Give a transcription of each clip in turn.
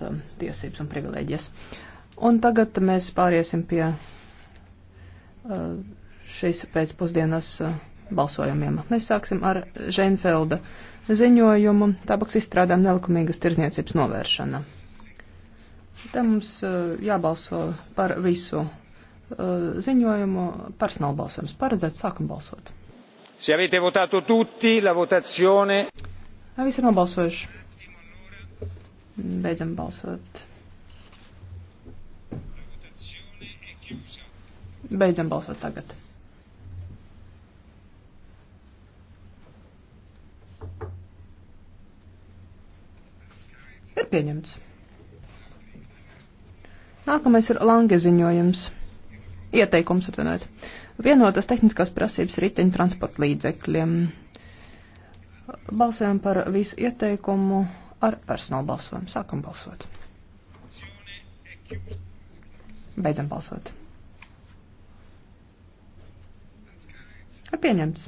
valsts um, tiesības un privilēģijas. Un tagad mēs pāriesim pie uh, šīs pēcpusdienas uh, balsojumiem. Mēs sāksim ar Žeinfelda ziņojumu tabaks izstrādām nelikumīgas tirzniecības novēršana. Te mums uh, jābalso par visu ziņojumu. Personāla balsojums paredzēts. Sākam balsot. Se avete votato tutti, la votazione. Visi ir nobalsojuši. Beidzam balsot. Beidzam balsot tagad. Ir pieņemts. Nākamais ir Lange ziņojums. Ieteikums atvainojiet. Vienotas tehniskās prasības riteņu transporta līdzekļiem. Balsojam par visu ieteikumu ar personālu balsojumu. Sākam balsot. Beidzam balsot. Ir pieņemts.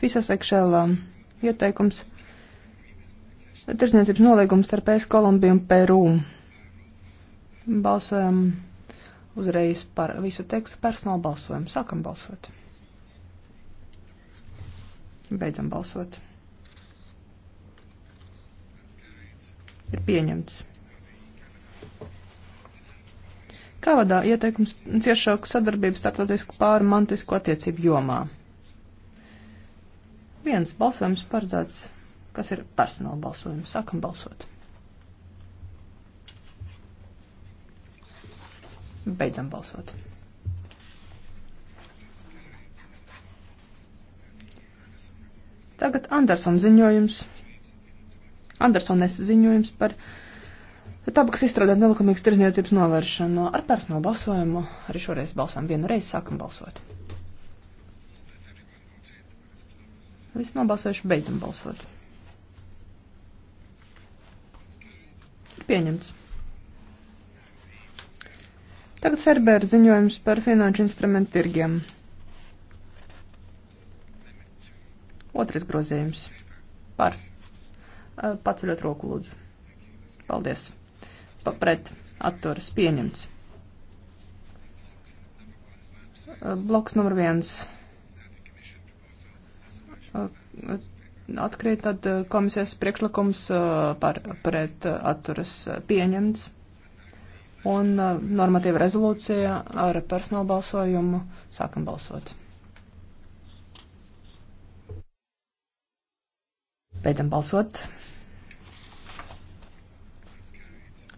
Fisas ekšēlā ieteikums. Tirsniecības nolīgums starp ES Kolumbiju un Peru. Balsojam uzreiz par visu tekstu personālu balsojumu. Sākam balsot. Beidzam balsot. Ir pieņemts. Kā vadā ieteikums ciešāku sadarbību starptautisku pārmantisku attiecību jomā? Viens balsojums paredzēts, kas ir personāla balsojums. Sākam balsot. Beidzam balsot. Tagad Andersona ziņojums. Andersonas ziņojums par tabakas izstrādāt nelikumīgas tirzniecības novēršanu ar personālu balsojumu. Arī šoreiz balsām vienu reizi sākam balsot. Visi nobalsojuši beidzam balsot. Pieņemts. Tagad Ferbēra ziņojums par finanšu instrumentu tirgiem. Otrais grozījums par. Paceļot roku lūdzu. Paldies. Pa pret atturas pieņemts. Bloks numur viens. Atkrīt tad komisijas priekšlikums par pret atturas pieņemts. Un normatīva rezolūcija ar personālu balsojumu sākam balsot. Beidzam balsot.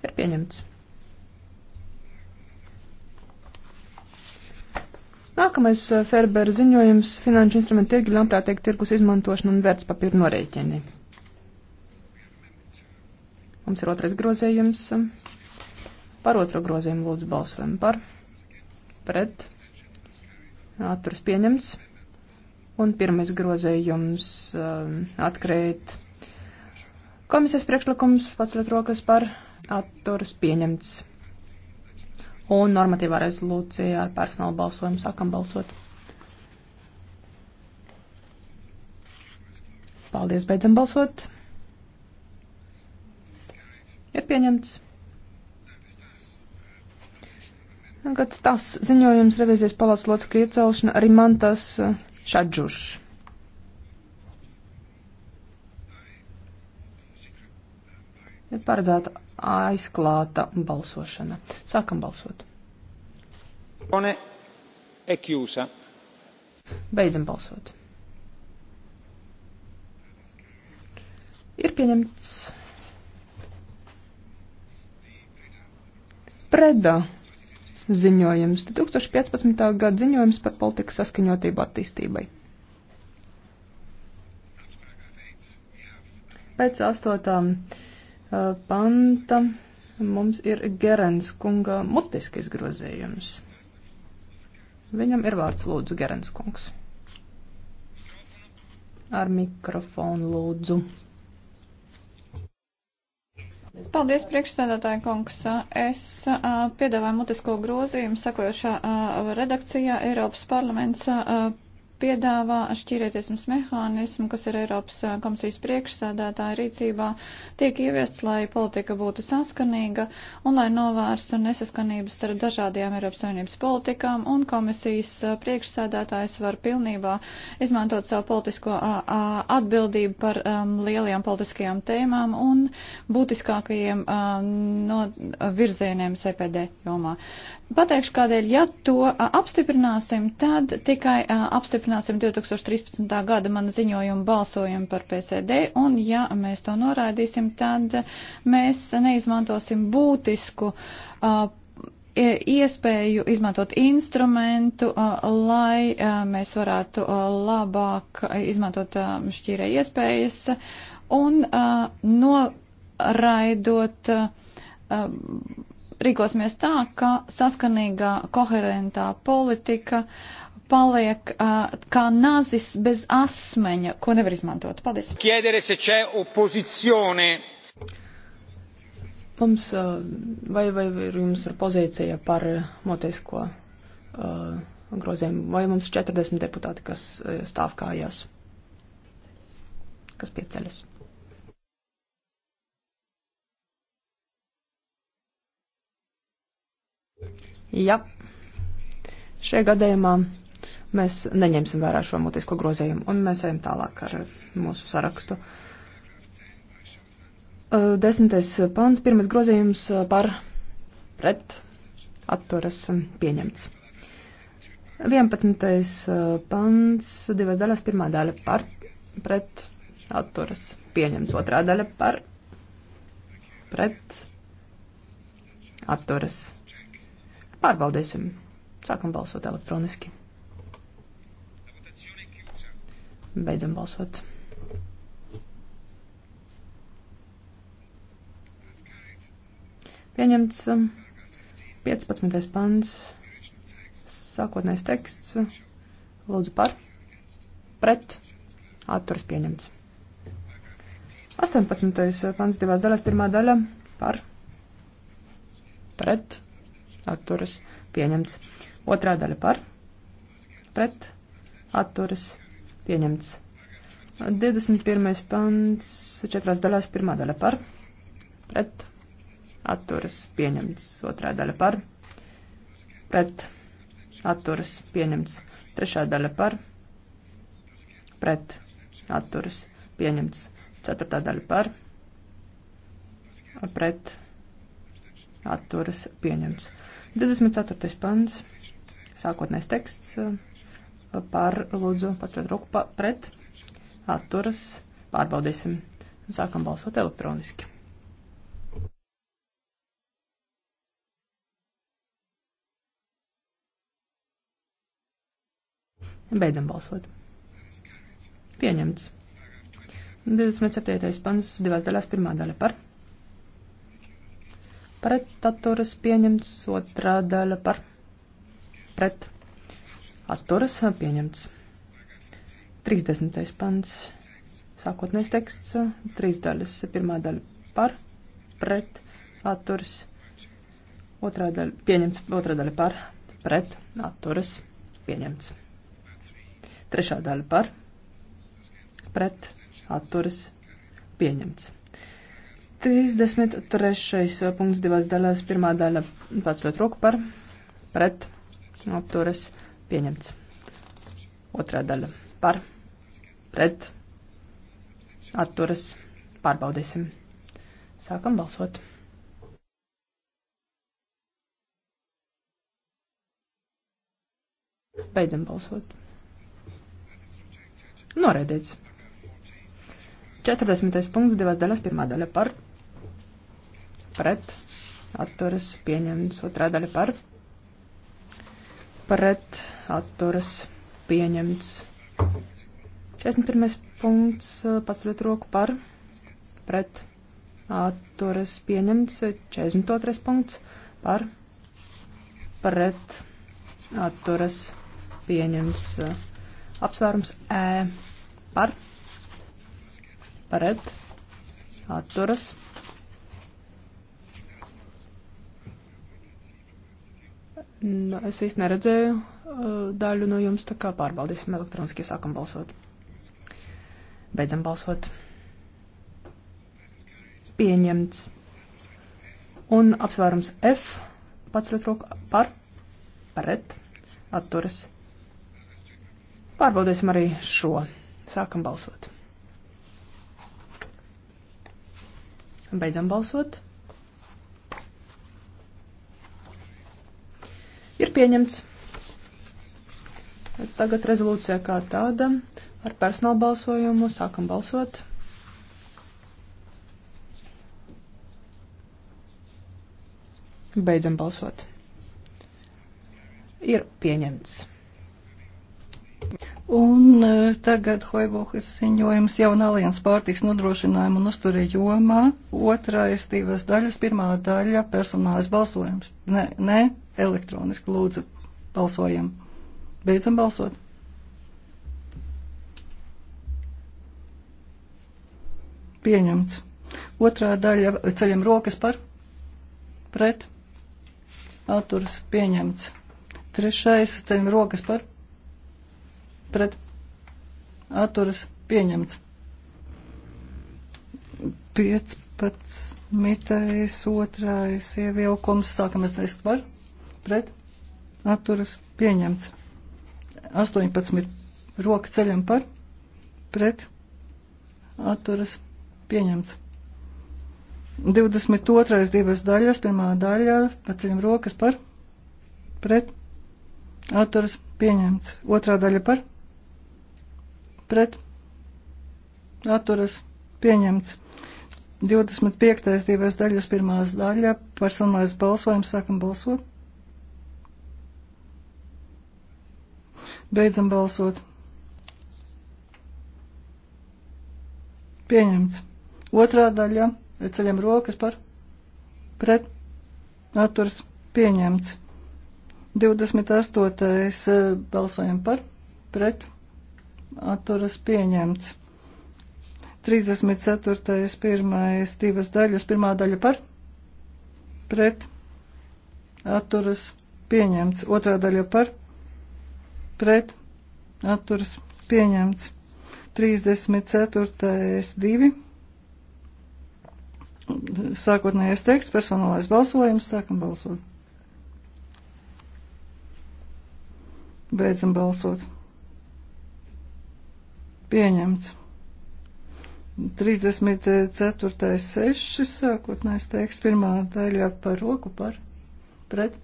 Ir pieņemts. Nākamais eh, Ferbera ziņojums - finanšu instrumentu tirgi, ļaunprātīgi tirgus izmantošana un vērtspapīra norēķini. Mums ir otrais grozījums. Par otro grozījumu lūdzu balsojam par, pret, atturas pieņemts un pirmais grozējums um, atkrīt. Komisijas priekšlikums pacelt rokas par atturas pieņemts. Un normatīvā rezolūcija ar personālu balsojumu sākam balsot. Paldies, beidzam balsot. Ir pieņemts. Gads tas ziņojums revizijas palāca locekļu iecelšana, arī man tas uh, Šadžuš. Ir paredzēta aizklāta balsošana. Sākam balsot. E Beidzam balsot. Ir pieņemts. Preda ziņojums, 2015. gada ziņojums par politikas saskaņotību attīstībai. Pēc astotā panta mums ir Gerens kunga mutiskais grozījums. Viņam ir vārds lūdzu Gerens kungs. Ar mikrofonu lūdzu. Paldies, priekšsēdētāja kungs. Es a, piedāvāju mutisko grozījumu sakojošā redakcijā Eiropas parlaments a, piedāvā šķīrietismas mehānismu, kas ir Eiropas komisijas priekšsēdētāja rīcībā, tiek ieviests, lai politika būtu saskanīga un lai novērstu nesaskanības starp dažādajām Eiropas Savienības politikām, un komisijas priekšsēdētājs var pilnībā izmantot savu politisko atbildību par um, lielajām politiskajām tēmām un būtiskākajiem um, no virzieniem CPD jomā. Pateikšu, kādēļ, ja to apstiprināsim, tad tikai apstiprināsim turpināsim 2013. gada mana ziņojuma balsojumu par PCD, un ja mēs to noraidīsim, tad mēs neizmantosim būtisku uh, iespēju izmantot instrumentu, uh, lai uh, mēs varētu uh, labāk izmantot uh, šķīrē iespējas un uh, noraidot. Uh, um, rīkosimies tā, ka saskanīgā, koherentā politika uh, paliek uh, kā nazis bez asmeņa, ko nevar izmantot. Paldies. Chiedere se c'è opposizione. Mums, uh, vai, vai jums ir pozīcija par motisko uh, grozījumu, vai mums ir 40 deputāti, kas uh, stāv kājās, kas pieceļas? Jā. Ja. Šajā gadījumā Mēs neņemsim vērā šo mutisko grozījumu un mēs ejam tālāk ar mūsu sarakstu. Desmitais pants, pirmais grozījums par pret atturas pieņemts. 11. pants, divas daļas, pirmā daļa par pret atturas pieņemts, otrā daļa par pret atturas. Pārbaudīsim. Sākam balsot elektroniski. Beidzam balsot. Pieņemts 15. Um, pants, sākotnējs teksts. Lūdzu par, pret, atturas pieņemts. 18. pants divās daļās, pirmā daļa par, pret, atturas pieņemts. Otrā daļa par, pret, atturas pieņemts Pieņemts. 21. pants, 4 daļās, 1 daļa par, pret, atturas, pieņemts, 2 daļa par, pret, atturas, pieņemts, 3 daļa par, pret, atturas, pieņemts, 4 daļa par, pret, atturas, pieņemts. 24. pants, sākotnēs teksts. Uh, par lūdzu paturēt roku pa, pret, atturas, pārbaudīsim. Sākam balsot elektroniski. Beidzam balsot. Pieņemts. 27. pants, divās daļās, pirmā daļa par. Pret atturas pieņemts, otrā daļa par. Pret atturas pieņemts. 30. pants, sākotnējs teksts, trīs daļas. Pirmā daļa par, pret, atturas, otrā daļa pieņemts, otrā daļa par, pret, atturas, pieņemts. Trešā daļa par, pret, atturas, pieņemts. 33. punkts divās daļās. Pirmā daļa pats ļoti roku par, pret, atturas, pieņemts Pieņemts. Otrā daļa par, pret, atturas, pārbaudīsim. Sākam balsot. Beidzam balsot. Noraidīts. 40. punkts, divās daļās, pirmā daļa par, pret, atturas, pieņemts, otrā daļa par, pret, atturas pieņemts. 41. punkts eh, paceliet roku par pret atturas pieņemts. 42. punkts par pret atturas pieņemts. Apsvērums E par pret atturas pieņemts. Nu, es īsti neredzēju Eh, daļu no jums, tā kā pārbaudīsim elektroniski, sākam balsot. Beidzam balsot. Pieņemts. Un apsvērums F. Pats ļoti roku par, pret, atturas. Pārbaudīsim arī šo. Sākam balsot. Beidzam balsot. Ir pieņemts. Tagad rezolūcija kā tāda ar personālu balsojumu. Sākam balsot. Beidzam balsot. Ir pieņemts. Un e, tagad Hoibohas ziņojums jauna aliens pārtiks nodrošinājumu un uzturē jomā. Otrais divas daļas, pirmā daļa personālais balsojums. Nē, nē, elektroniski lūdzu balsojam. Beidzam balsot. Pieņemts. Otrā daļa ceļam rokas par pret. Atturas pieņemts. Trešais ceļam rokas par pret. Atturas pieņemts. 15. otrais ievilkums sākamies teikt par pret. Atturas pieņemts. 18 roka ceļam par, pret, atturas, pieņemts. 22. divas daļas, pirmā daļa, paceļam rokas par, pret, atturas, pieņemts. Otrā daļa par, pret, atturas, pieņemts. 25. divas daļas, pirmās daļa, personālais balsojums, sākam balsot. Beidzam balsot. Pieņemts. Otrā daļa. Ceļam rokas par. Pret. Atturs. Pieņemts. 28. Eh, balsojam par. Pret. Atturas pieņemts. 34. pirmais divas daļas. Pirmā daļa par. Pret. Atturas pieņemts. Otrā daļa par pret atturas pieņemts. 34. 2. Sākotnējais teksts, personālais balsojums, sākam balsot. Beidzam balsot. Pieņemts. 34. 6. sākotnējais teksts, pirmā daļa par roku par, pret,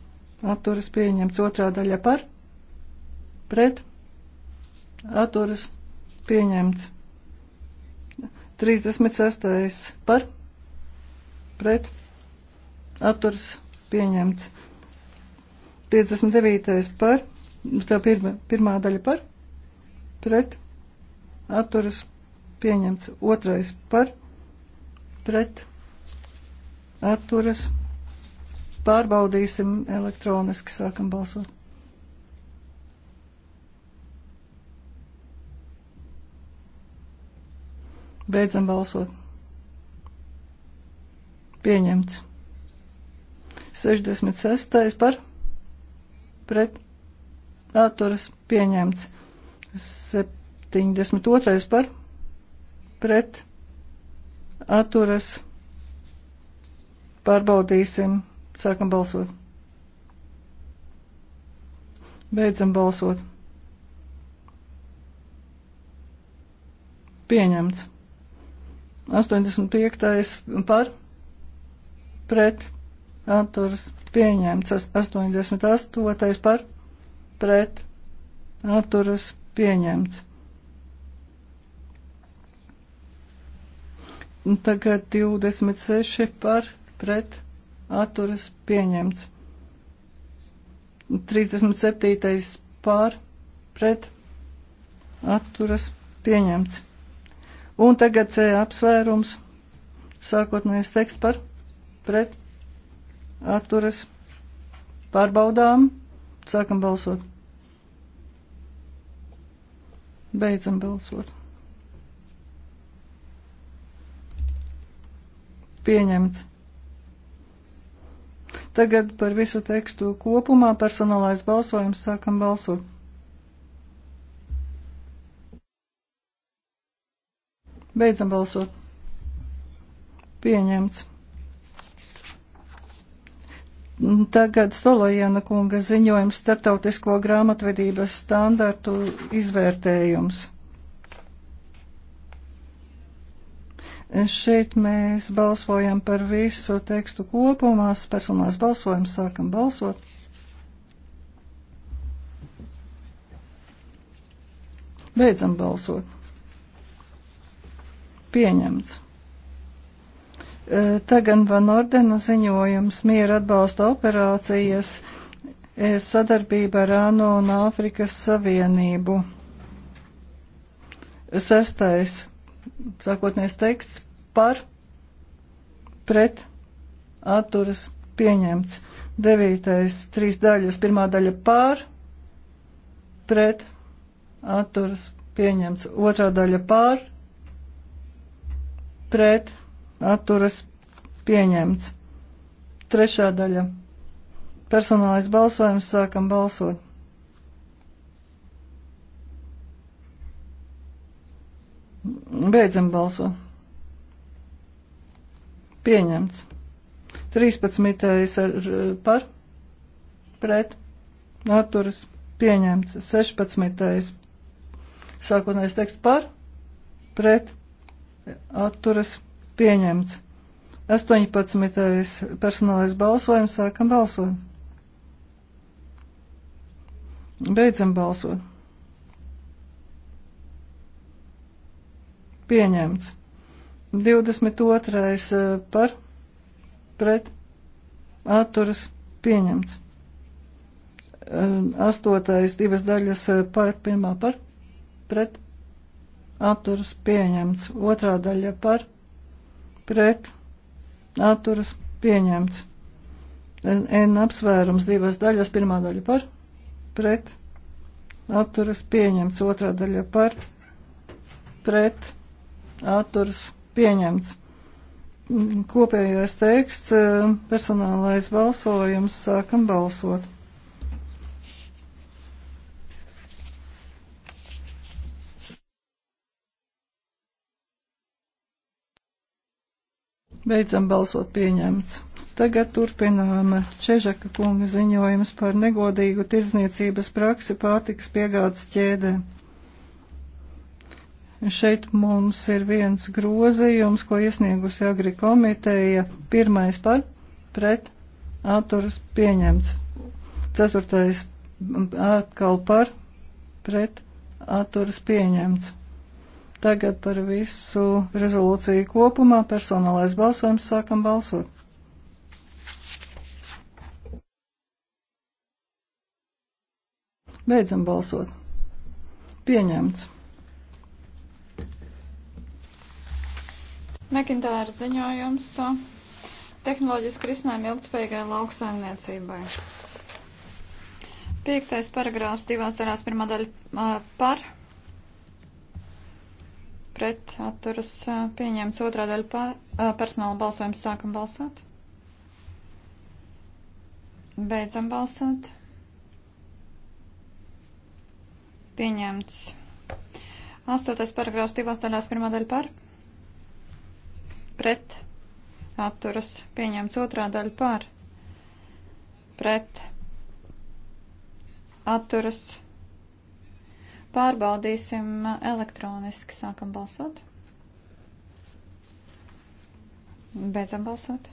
atturas pieņemts, otrā daļa par, pret atturas pieņemts. 36. par pret atturas pieņemts. 59. par tā pirma, pirmā daļa par pret atturas pieņemts. Otrais par pret atturas pārbaudīsim elektroniski sākam balsot. Beidzam balsot. Pieņemts. 66. par pret atturas pieņemts. 72. par pret atturas pārbaudīsim. Sākam balsot. Beidzam balsot. Pieņemts. 85. par pret atturs pieņemts. 88. par pret atturs pieņemts. Tagad 26 par pret atturas pieņemts. 37. par pret atturas pieņemts. Un tagad C eh, apsvērums, sākotnējais teksts par pret atturas pārbaudām, sākam balsot. Beidzam balsot. Pieņemts. Tagad par visu tekstu kopumā personālais balsojums sākam balsot. Beidzam balsot. Pieņemts. Tagad Stolojana kunga ziņojums starptautisko grāmatvedības standartu izvērtējums. Šeit mēs balsojam par visu tekstu kopumā, personās balsojumu sākam balsot. Beidzam balsot. Pieņemts. E, Tagan Van Ordena ziņojums miera atbalsta operācijas e, sadarbība ar ANO un Āfrikas Savienību. Sestais sākotnēs teksts par, pret, atturas, pieņemts. Devītais trīs daļas, pirmā daļa par, pret, atturas, pieņemts. Otrā daļa par, pret atturas pieņemts. Trešā daļa. Personālais balsojums sākam balsot. Beidzam balsot. Pieņemts. 13. ar par, pret, atturas, pieņemts. 16. sākotnējais teksts par, pret, atturas pieņemts. 18. personālais balsojums sākam balsot. Beidzam balsot. Pieņemts. 22. Eh, par pret atturas pieņemts. 8. Eh, divas daļas eh, par pirmā par pret atturas pieņemts. Otrā daļa par pret atturas pieņemts. N, N apsvērums divas daļas. Pirmā daļa par pret atturas pieņemts. Otrā daļa par pret atturas pieņemts. Kopējais teksts, eh, personālais balsojums, sākam balsot. Beidzam balsot pieņemts. Tagad turpinām Čežaka kunga ziņojums par negodīgu tirdzniecības praksi pārtiks piegādes ķēdē. Šeit mums ir viens grozījums, ko iesniegusi Agri komiteja. Pirmais par pret autors pieņemts. Ceturtais atkal par pret autors pieņemts. Tagad par visu rezolūciju kopumā personālais balsojums sākam balsot. Beidzam balsot. Pieņemts. Mekintāra ziņojums tehnoloģiski risinājumi ilgspējīgai lauksaimniecībai. Piektais paragrāfs divās daļās pirmā daļa par pret atturas pieņemts otrā daļa pa, personāla balsojums. Sākam balsot. Beidzam balsot. Pieņemts. Astotais paragrāfs divās daļās pirmā daļa par. Pret atturas pieņemts otrā daļa par. Pret atturas pieņemts pārbaudīsim elektroniski. Sākam balsot. Beidzam balsot.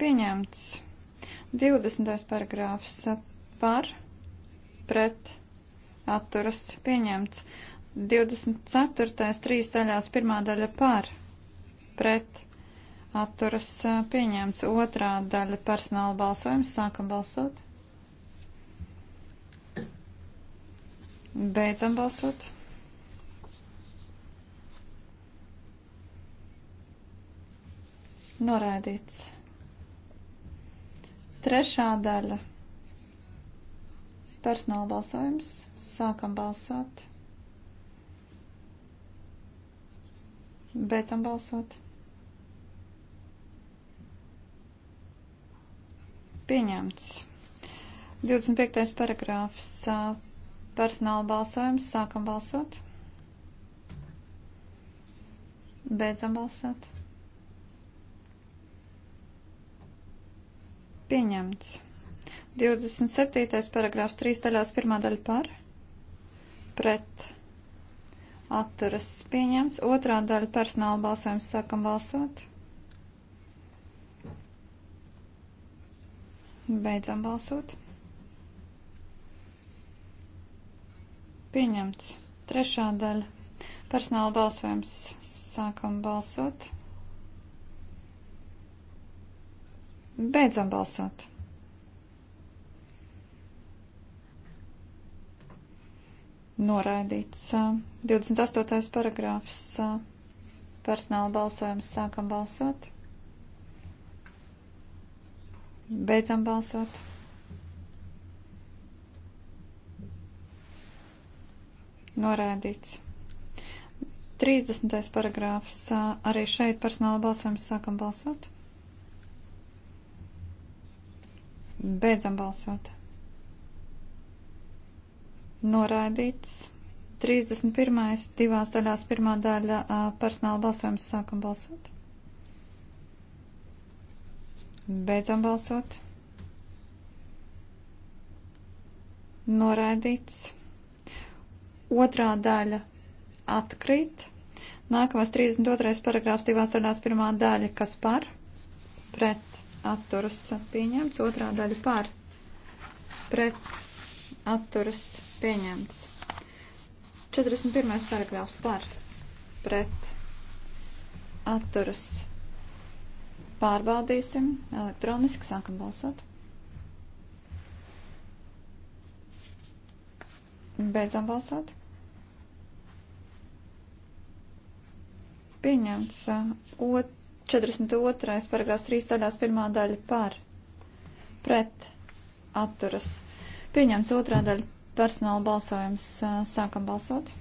Pieņemts 20. paragrāfs par, pret, atturas pieņemts. 24. trīs daļās pirmā daļa par, pret, atturas pieņemts. Otrā daļa personāla balsojums. Sākam balsot. Beidzam balsot. Noraidīts. Trešā daļa. Personāla balsojums. Sākam balsot. Beidzam balsot. Pieņemts. 25. paragrāfs Personāla balsojums. Sākam balsot. Beidzam balsot. Pieņemts. 27. paragrāfs 3 daļās pirmā daļa par. Pret. Atturas pieņemts. Otrā daļa personāla balsojums. Sākam balsot. Beidzam balsot. Pieņemts. Trešā daļa. Personāla balsojums. Sākam balsot. Beidzam balsot. Noraidīts. 28. paragrāfs. Personāla balsojums. Sākam balsot. Beidzam balsot. Norēdīts. 30. paragrāfs. Arī šeit personāla balsojums sākam balsot. Beidzam balsot. Noraidīts. 31. divās daļās pirmā daļa personāla balsojums sākam balsot. Beidzam balsot. Noraidīts. Otrā daļa atkrīt. Nākamais 32. paragrāfs divās daļās pirmā daļa, kas par, pret, atturas pieņemts, otrā daļa par, pret, atturas pieņemts. 41. paragrāfs par, pret, atturas pārbaudīsim elektroniski, sākam balsot. Beidzam balsot. Pieņemts. Ot, 42. paragrāfs 3 daļās pirmā daļa par. Pret. Atturas. Pieņemts otrā daļa personāla balsojums. Sākam balsot.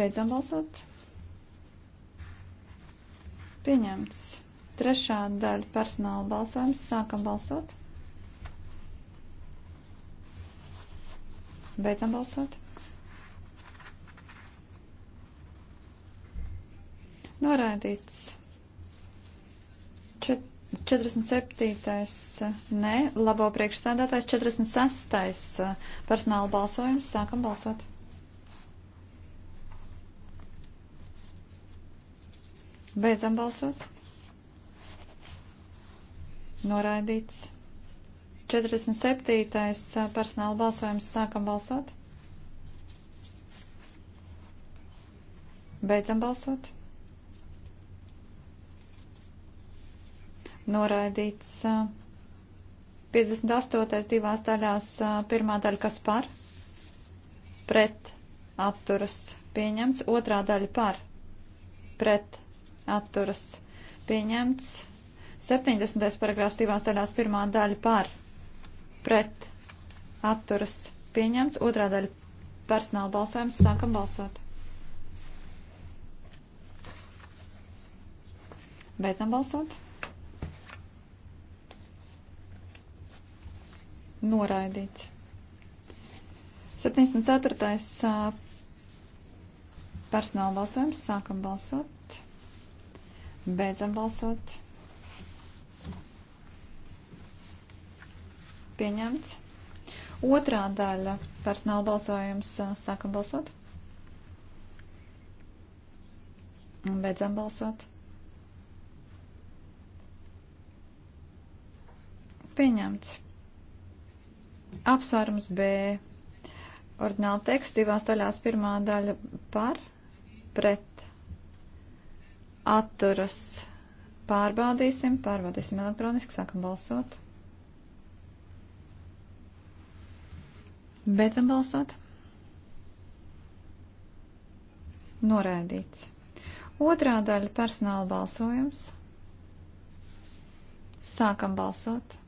Beidzam balsot. Pieņemts. Trešā daļa personāla balsojums. Sākam balsot. Beidzam balsot. Noraidīts. Čet 47. Nē, labo priekšstādātājs 46. personāla balsojums. Sākam balsot. Beidzam balsot. Noraidīts. 47. personāla balsojums. Sākam balsot. Beidzam balsot. Noraidīts 58. divās daļās pirmā daļa, kas par, pret, atturas, pieņemts, otrā daļa par, pret, atturas, pieņemts, 70. paragrāfs divās daļās pirmā daļa par, pret, pret atturas pieņemts. Otrā daļa personāla balsojums. Sākam balsot. Beidzam balsot. Noraidīts. 74. personāla balsojums. Sākam balsot. Beidzam balsot. Pieņemts. Otrā daļa - personāla balsojums. Sākam balsot. Un beidzam balsot. Pieņemts. Apsvērums B. Ordināla teksts divās daļās. Pirmā daļa par, pret, atturas. Pārbaudīsim, pārbaudīsim elektroniski, sākam balsot. Beidzam balsot. Norēdīts. Otrā daļa personāla balsojums. Sākam balsot.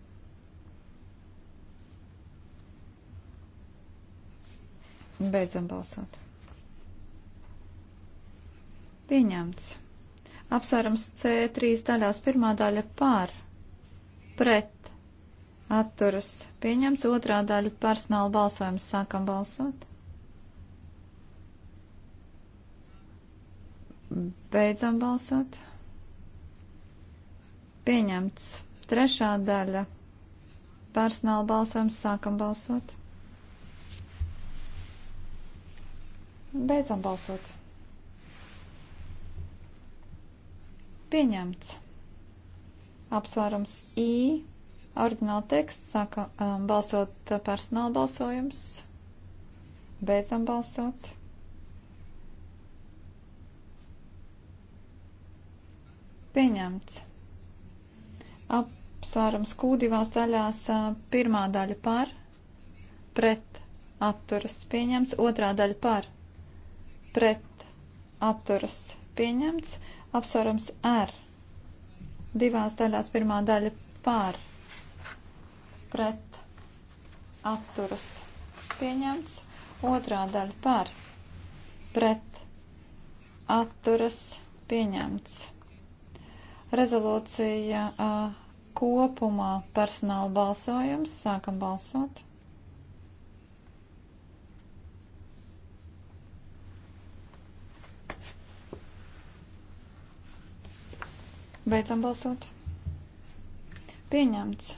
Beidzam balsot. Pieņemts. Apsvērums C3 daļās pirmā daļa par, pret, atturas pieņemts. Otrā daļa personāla balsojums. Sākam balsot. Beidzam balsot. Pieņemts. Trešā daļa personāla balsojums. Sākam balsot. Beidzam balsot. Pieņemts. Apsvērums I Ordināla teksts sāka um, balsot personāla balsojums. Beidzam balsot. Pieņemts. Apsvērums kūdivās daļās pirmā daļa par, pret, atturas pieņemts, otrā daļa par, pret, atturas pieņemts, apsvērums R. Divās daļās pirmā daļa par pret atturas pieņemts. Otrā daļa par pret atturas pieņemts. Rezolūcija uh, kopumā personāla balsojums. Sākam balsot. Beidzam balsot. Pieņemts.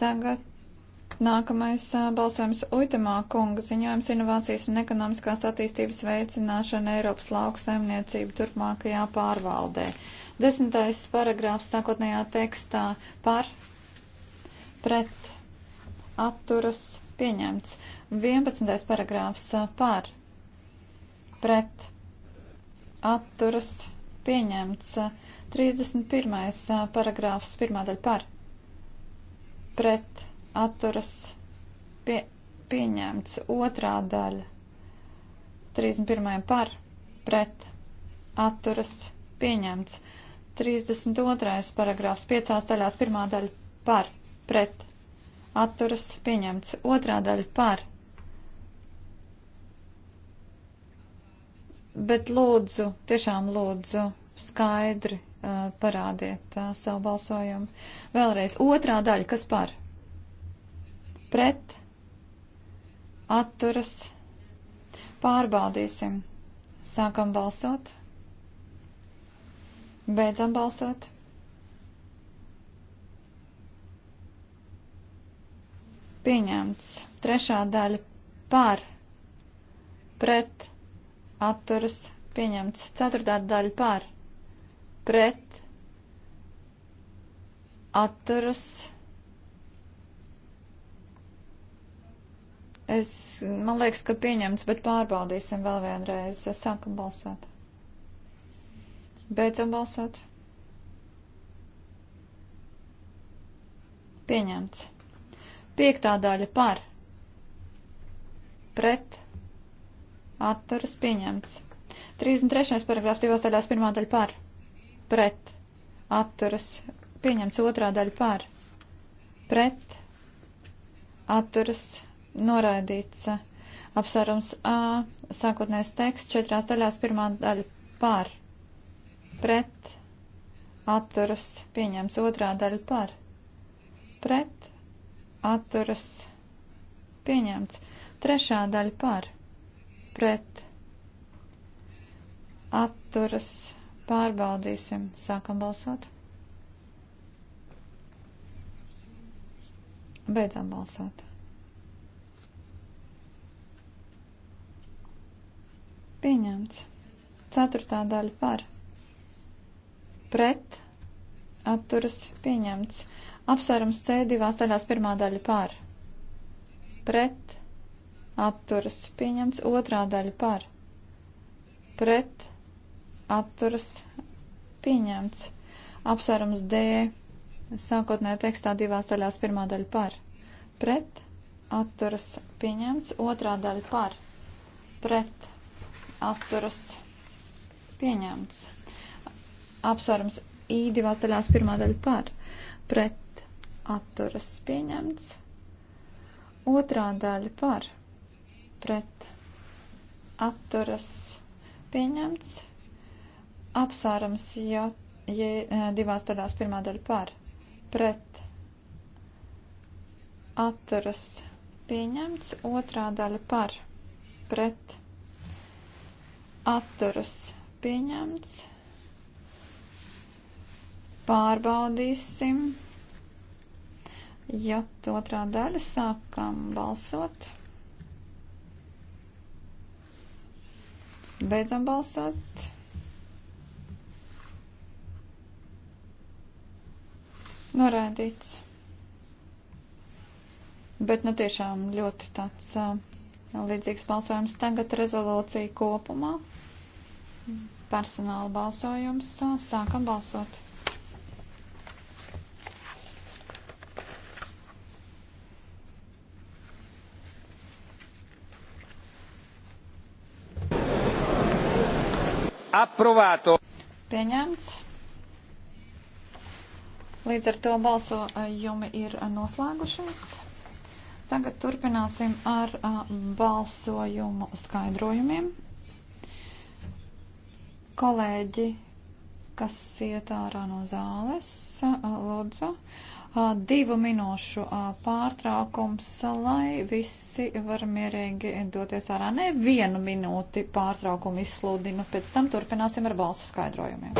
Tagad Nākamais balsojums Uitamā kunga ziņojums inovācijas un ekonomiskās attīstības veicināšana Eiropas lauksaimniecību turpmākajā pārvaldē. Desmitais paragrāfs sākotnējā tekstā par, pret, atturas, pieņemts. Vienpadsmitais paragrāfs par, pret, atturas, pieņemts. Trīsdesmit pirmais paragrāfs pirmā daļa par pret atturas pie, pieņemts. Otrā daļa 31. par pret atturas pieņemts. 32. paragrāfs 5. daļās 1. daļa par pret atturas pieņemts. Otrā daļa par. Bet lūdzu, tiešām lūdzu, skaidri Uh, parādiet uh, savu balsojumu. Vēlreiz otrā daļa, kas par? Pret, atturas, pārbaudīsim. Sākam balsot, beidzam balsot. Pieņemts. Trešā daļa par, pret, atturas, pieņemts. Ceturtā daļa par pret atturas. Es, man liekas, ka pieņemts, bet pārbaudīsim vēl vienreiz. Sākam balsot. Beidzam balsot. Pieņemts. Piektā daļa par. Pret. Atturas pieņemts. 33. paragrāfs divās daļās pirmā daļa par pret, atturas, pieņemts otrā daļa par, pret, atturas, noraidīts apsvērums A, sākotnējais teksts, četrās daļās pirmā daļa par, pret, atturas, pieņemts otrā daļa par, pret, atturas, pieņemts trešā daļa par, pret, atturas, pieņemts Pārbaudīsim. Sākam balsot. Beidzam balsot. Pieņemts. Ceturtā daļa par. Pret. Atturas pieņemts. Apsvērums C divās daļās pirmā daļa par. Pret. Atturas pieņemts. Otrā daļa par. Pret atturas pieņemts. Apsvērums D sākotnējā tekstā divās daļās pirmā daļa par, pret, atturas pieņemts, otrā daļa par, pret, atturas pieņemts. Apsvērums I divās daļās pirmā daļa par, pret, atturas pieņemts, otrā daļa par, pret, atturas pieņemts Apsvērums jau ja eh, divās daļās pirmā daļa par, pret, atturas pieņemts, otrā daļa par, pret, atturas pieņemts. Pārbaudīsim. Ja otrā daļa sākam balsot. Beidzam balsot. Norādīts. Bet nu tiešām ļoti tāds līdzīgs balsojums tagad rezolūcija kopumā. Personāla balsojums. Sākam balsot. approvato. Pieņemts. Līdz ar to balsojumi ir noslēgušies. Tagad turpināsim ar balsojumu skaidrojumiem. Kolēģi, kas iet ārā no zāles, lūdzu, divu minūšu pārtraukums, lai visi var mierīgi doties ārā. Ne vienu minūti pārtraukumu izsludinu, pēc tam turpināsim ar balsu skaidrojumiem.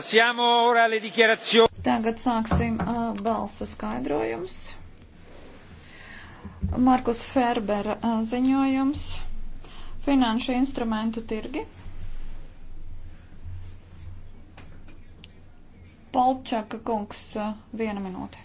Tagad sāksim uh, balsu skaidrojumus. Markus Ferbera uh, ziņojums. Finanšu instrumentu tirgi. Polčaka kungs, uh, viena minūte.